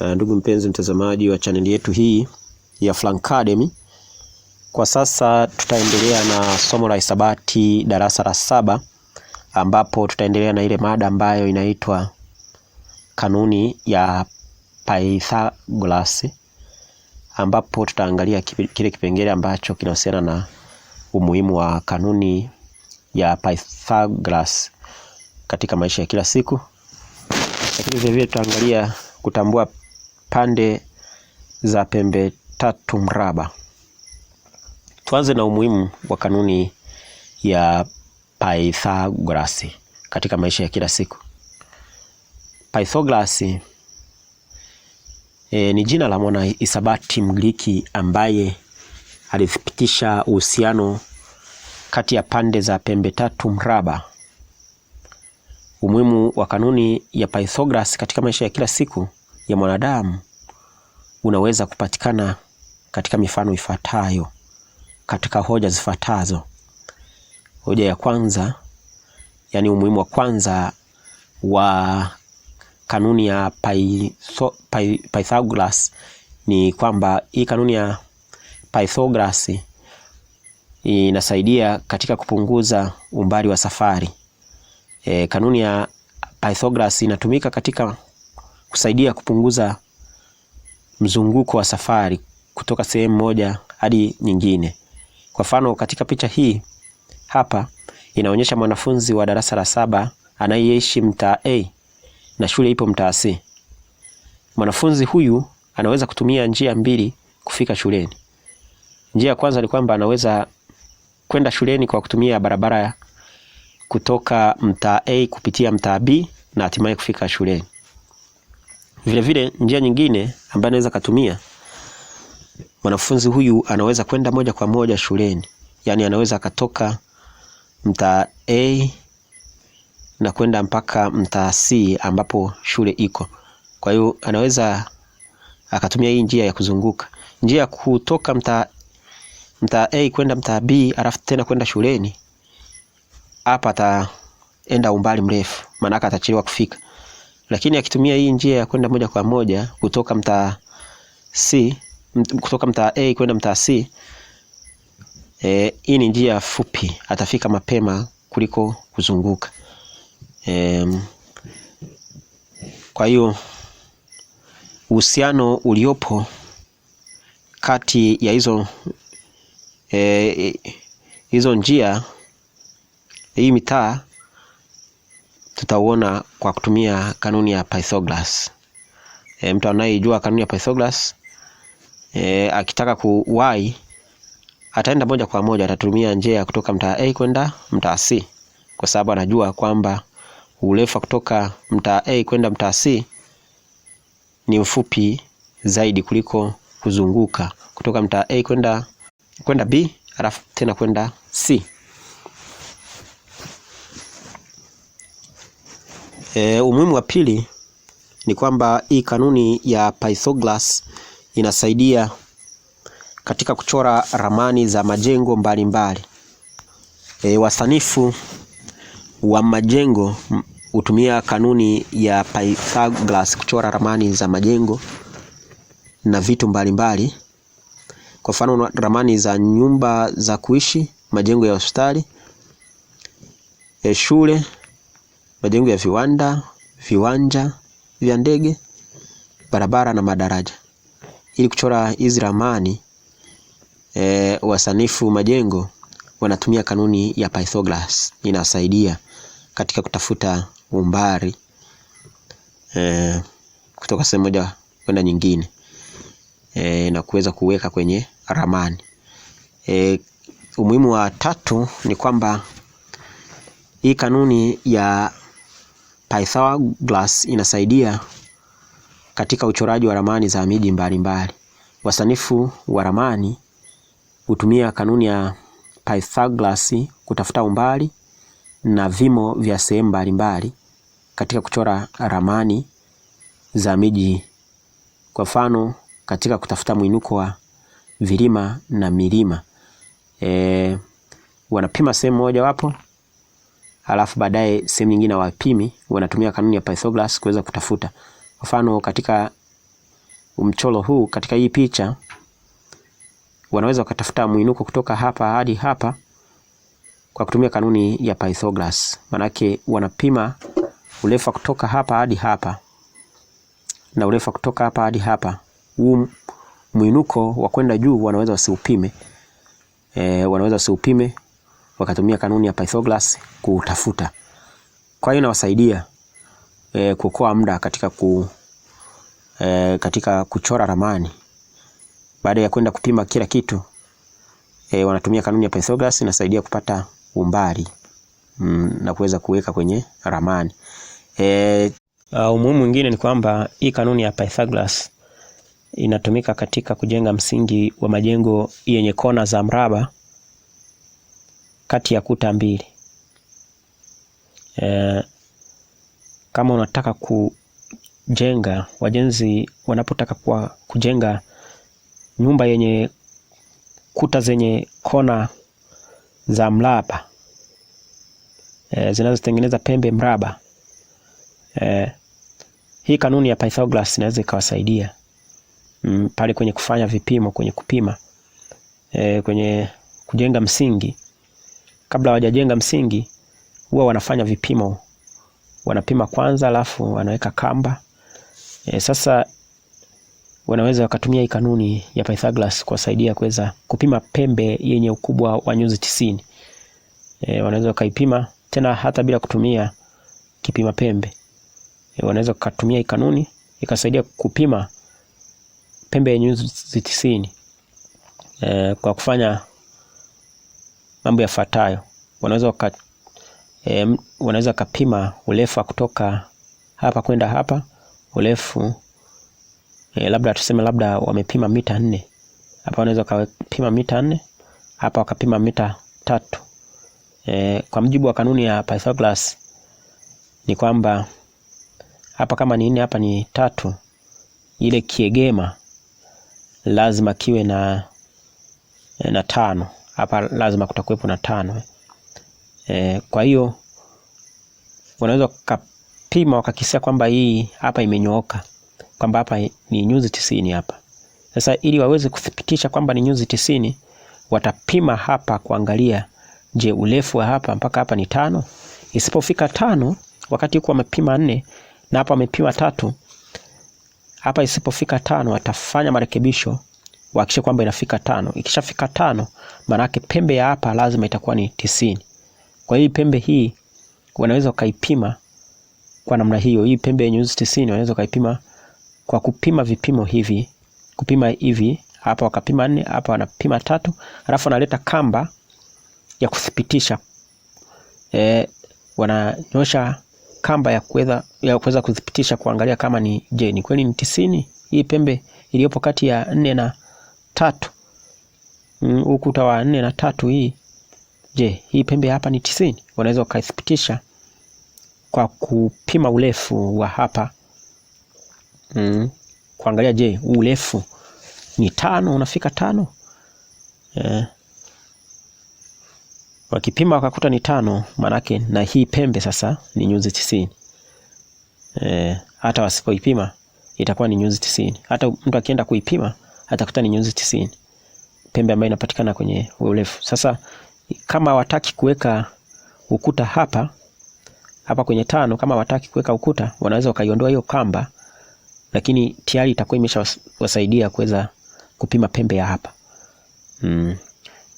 Uh, ndugu mpenzi mtazamaji wa chaneli yetu hii ya Francademy, kwa sasa tutaendelea na somo la hisabati darasa la saba ambapo tutaendelea na ile mada ambayo inaitwa kanuni ya Pythagoras ambapo tutaangalia kile kipengele ambacho kinahusiana na umuhimu wa kanuni ya Pythagoras katika maisha ya kila siku, lakini vilevile tutaangalia kutambua pande za pembe tatu mraba. Tuanze na umuhimu wa kanuni ya Pythagorasi katika maisha ya kila siku. Pythagorasi e, eh, ni jina la mwana isabati Mgiriki ambaye alithibitisha uhusiano kati ya pande za pembe tatu mraba. Umuhimu wa kanuni ya Pythagorasi katika maisha ya kila siku ya mwanadamu unaweza kupatikana katika mifano ifuatayo, katika hoja zifuatazo. Hoja ya kwanza, yani umuhimu wa kwanza wa kanuni ya Pytho, Pythagoras ni kwamba hii kanuni ya Pythagoras inasaidia katika kupunguza umbali wa safari. E, kanuni ya Pythagoras inatumika katika kusaidia kupunguza mzunguko wa safari kutoka sehemu moja hadi nyingine. Kwa mfano, katika picha hii hapa inaonyesha mwanafunzi wa darasa la saba anayeishi mtaa A na shule ipo mtaa C. Mwanafunzi huyu anaweza kutumia njia mbili kufika shuleni. Njia ya kwanza ni kwamba anaweza kwenda shuleni kwa kutumia barabara kutoka mtaa A kupitia mtaa B na hatimaye kufika shuleni. Vilevile njia nyingine ambayo anaweza katumia mwanafunzi huyu anaweza kwenda moja kwa moja shuleni, yaani anaweza akatoka mtaa A na kwenda mpaka mtaa C ambapo shule iko. Kwa hiyo anaweza akatumia hii njia ya kuzunguka, njia ya kutoka mtaa mtaa A kwenda mtaa B alafu tena kwenda shuleni. Hapa ataenda umbali mrefu, maanake atachelewa kufika. Lakini akitumia hii njia ya kwenda moja kwa moja kutoka mtaa C kutoka mtaa A kwenda mtaa C, e, hii ni njia fupi, atafika mapema kuliko kuzunguka. e, kwa hiyo uhusiano uliopo kati ya hizo eh, hizo njia hii mitaa tutauona kwa kutumia kanuni ya Pythagoras. E, mtu anayejua kanuni ya Pythagoras e, akitaka ku y ataenda moja kwa moja, atatumia njia ya kutoka mtaa A kwenda mtaa C kwa sababu anajua kwamba urefu kutoka mtaa A kwenda mtaa C ni mfupi zaidi kuliko kuzunguka kutoka mtaa A kwenda kwenda B alafu tena kwenda C. E, umuhimu wa pili ni kwamba hii kanuni ya Pythagoras inasaidia katika kuchora ramani za majengo mbalimbali mbali. E, wasanifu wa majengo hutumia kanuni ya Pythagoras kuchora ramani za majengo na vitu mbalimbali mbali. Kwa mfano ramani za nyumba za kuishi, majengo ya hospitali, e, shule majengo ya viwanda, viwanja vya ndege, barabara na madaraja. Ili kuchora hizi ramani e, eh, wasanifu majengo wanatumia kanuni ya Pythagoras, inasaidia katika kutafuta umbali e, kutoka sehemu moja kwenda nyingine e, na kuweza kuweka kwenye ramani e, umuhimu wa tatu ni kwamba hii kanuni ya Pythagoras inasaidia katika uchoraji wa ramani za miji mbalimbali. Wasanifu wa ramani hutumia kanuni ya Pythagoras kutafuta umbali na vimo vya sehemu mbalimbali katika kuchora ramani za miji. Kwa mfano, katika kutafuta mwinuko wa vilima na milima e, wanapima sehemu moja wapo alafu baadaye sehemu nyingine wapimi, wanatumia kanuni ya Pythagoras kuweza kutafuta. Mfano katika mchoro huu, katika hii picha wanaweza wakatafuta mwinuko kutoka hapa hadi hapa kwa kutumia kanuni ya Pythagoras. Manake wanapima urefu kutoka hapa hadi hapa na urefu kutoka hapa hadi hapa. Huu mwinuko wa kwenda juu wanaweza wasiupime, e, wanaweza wasiupime wakatumia kanuni ya Pythagoras kutafuta. Kwa hiyo inawasaidia e, kuokoa muda katika, ku, e, katika kuchora ramani baada ya kwenda kupima kila kitu e, wanatumia kanuni ya Pythagoras inasaidia kupata umbali mm, na kuweza kuweka kwenye ramani e, umuhimu mwingine ni kwamba hii kanuni ya Pythagoras inatumika katika kujenga msingi wa majengo yenye kona za mraba kati ya kuta mbili e, kama unataka kujenga, wajenzi wanapotaka kwa kujenga nyumba yenye kuta zenye kona za mraba e, zinazotengeneza pembe mraba e, hii kanuni ya Pythagoras inaweza ikawasaidia mm, pale kwenye kufanya vipimo, kwenye kupima e, kwenye kujenga msingi kabla hawajajenga msingi huwa wanafanya vipimo, wanapima kwanza, alafu wanaweka kamba e. Sasa wanaweza wakatumia hii kanuni ya Pythagoras kuwasaidia kuweza kupima pembe yenye ukubwa wa nyuzi tisini. E, wanaweza wakaipima tena hata bila kutumia kipima pembe e, wanaweza wakatumia hii kanuni ikasaidia kupima pembe yenye nyuzi tisini e, kwa kufanya mambo yafuatayo. Wanaweza waka, e, wanaweza kupima urefu wa kutoka hapa kwenda hapa urefu e, labda tuseme labda wamepima mita nne hapa, wanaweza kupima mita nne hapa wakapima mita tatu. E, kwa mjibu wa kanuni ya Pythagoras ni kwamba hapa kama ni nne hapa ni tatu, ile kiegema lazima kiwe na na tano hapa lazima kutakuwepo na tano e. Kwa hiyo unaweza ukapima wakakisia kwamba hii hapa imenyooka, kwamba hapa ni nyuzi tisini hapa. Sasa ili waweze kuthibitisha kwamba ni nyuzi tisini, watapima hapa kuangalia, je, urefu wa hapa mpaka hapa ni tano? Isipofika tano, wakati huko wamepima nne na hapa wamepima tatu, hapa isipofika tano watafanya marekebisho uhakikishe kwamba inafika tano. Ikishafika tano, maanake pembe ya hapa lazima itakuwa ni tisini. Kwa hiyo pembe hii wanaweza kaipima kwa namna hiyo. Hii pembe yenye nyuzi tisini wanaweza kaipima kwa kupima vipimo hivi, kupima hivi hapa, wakapima nne hapa, wanapima tatu, alafu wanaleta kamba ya kuthibitisha e, wananyosha kamba ya kuweza ya kuweza kuthibitisha kuangalia kama ni je, ni kweli ni tisini hii pembe iliyopo kati ya nne na tatu mm, ukuta wa nne na tatu hii, je, hii pembe hapa ni tisini? Unaweza ukaithibitisha kwa kupima urefu wa hapa mm, kuangalia je, urefu ni tano, unafika tano eh. Wakipima wakakuta ni tano, maanake na hii pembe sasa ni nyuzi tisini eh, hata wasipoipima itakuwa ni nyuzi tisini. Hata mtu akienda kuipima atakuta ni nyuzi tisini, pembe ambayo inapatikana kwenye urefu. Sasa kama wataki kuweka ukuta hapa hapa kwenye tano, kama wataki kuweka ukuta, wanaweza wakaiondoa hiyo kamba, lakini tayari itakuwa imeshawasaidia kuweza kupima pembe ya hapa mm.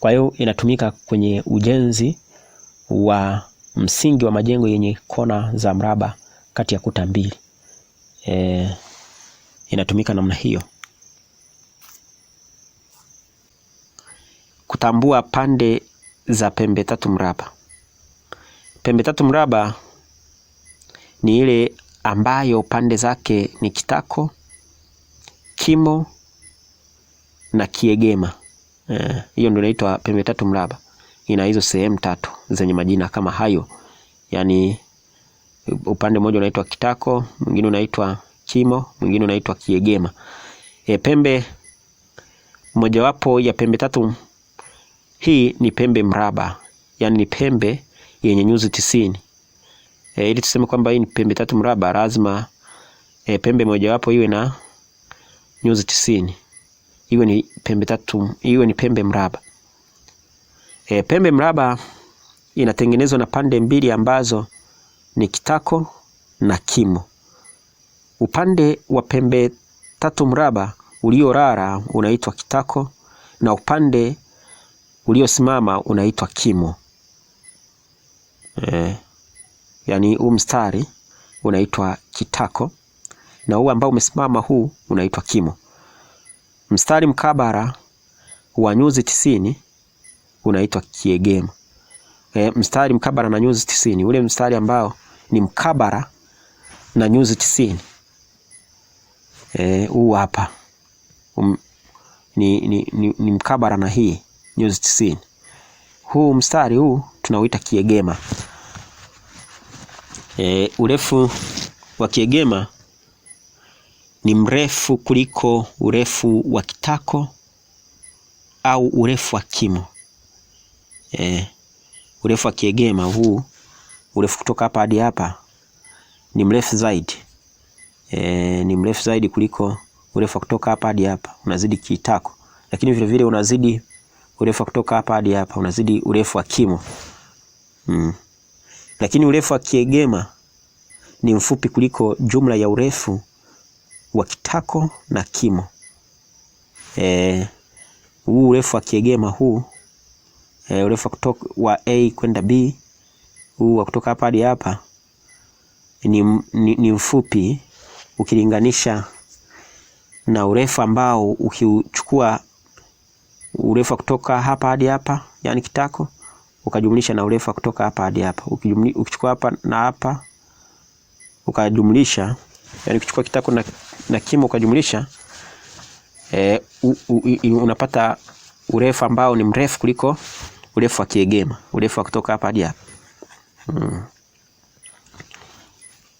Kwa hiyo inatumika kwenye ujenzi wa msingi wa majengo yenye kona za mraba kati ya kuta mbili. E, inatumika namna hiyo. kutambua pande za pembe tatu mraba. Pembe tatu mraba ni ile ambayo pande zake ni kitako, kimo na kiegema. Eh, hiyo ndio inaitwa pembe tatu mraba. Ina hizo sehemu tatu zenye majina kama hayo, yaani upande mmoja unaitwa kitako, mwingine unaitwa kimo, mwingine unaitwa kiegema. E, pembe mojawapo ya pembe tatu hii ni pembe mraba, yani ni pembe yenye nyuzi tisini. E, ili tuseme kwamba hii ni pembe tatu mraba lazima e, pembe mojawapo iwe na nyuzi tisini, iwe ni pembe tatu, iwe ni pembe mraba. E, pembe mraba inatengenezwa na pande mbili ambazo ni kitako na kimo. Upande wa pembe tatu mraba uliorara unaitwa kitako na upande uliosimama unaitwa kimo e, yani huu mstari unaitwa kitako na huu ambao umesimama huu unaitwa kimo. Mstari mkabara wa nyuzi tisini unaitwa kiegemo. E, eh, mstari mkabara na nyuzi tisini, ule mstari ambao ni mkabara na nyuzi tisini eh, huu e, hapa um, ni, ni, ni, ni mkabara na hii nyuzi tisini. Huu mstari huu tunauita kiegema. E, urefu wa kiegema ni mrefu kuliko urefu wa kitako au urefu wa kimo. E, urefu wa kiegema huu, urefu kutoka hapa hadi hapa ni mrefu zaidi. E, ni mrefu zaidi kuliko urefu wa kutoka hapa hadi hapa, unazidi kitako, lakini vilevile unazidi urefu wa kutoka hapa hadi hapa unazidi urefu wa kimo mm. Lakini urefu wa kiegema ni mfupi kuliko jumla ya urefu wa kitako na kimo. E, huu urefu wa kiegema huu e, urefu wa kutoka wa A kwenda B huu wa kutoka hapa hadi hapa ni, ni, ni mfupi ukilinganisha na urefu ambao ukichukua urefu kutoka hapa hadi hapa, yani kitako, ukajumlisha na urefu kutoka hapa hadi hapa. Ukichukua hapa na hapa ukajumlisha, yani ukichukua kitako na, na kimo ukajumlisha, e, u, u, u, unapata urefu ambao ni mrefu kuliko urefu wa kiegema, urefu wa kutoka hapa hadi hapa hmm.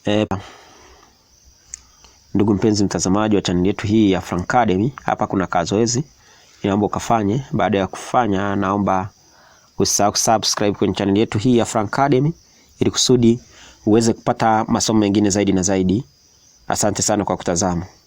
E, ndugu mpenzi mtazamaji wa chaneli yetu hii ya Francademy, hapa kuna kazoezi naomba ukafanye. Baada ya kufanya, naomba usisahau kusubscribe kwenye channel yetu hii ya Academy ili kusudi uweze kupata masomo mengine zaidi na zaidi. Asante sana kwa kutazama.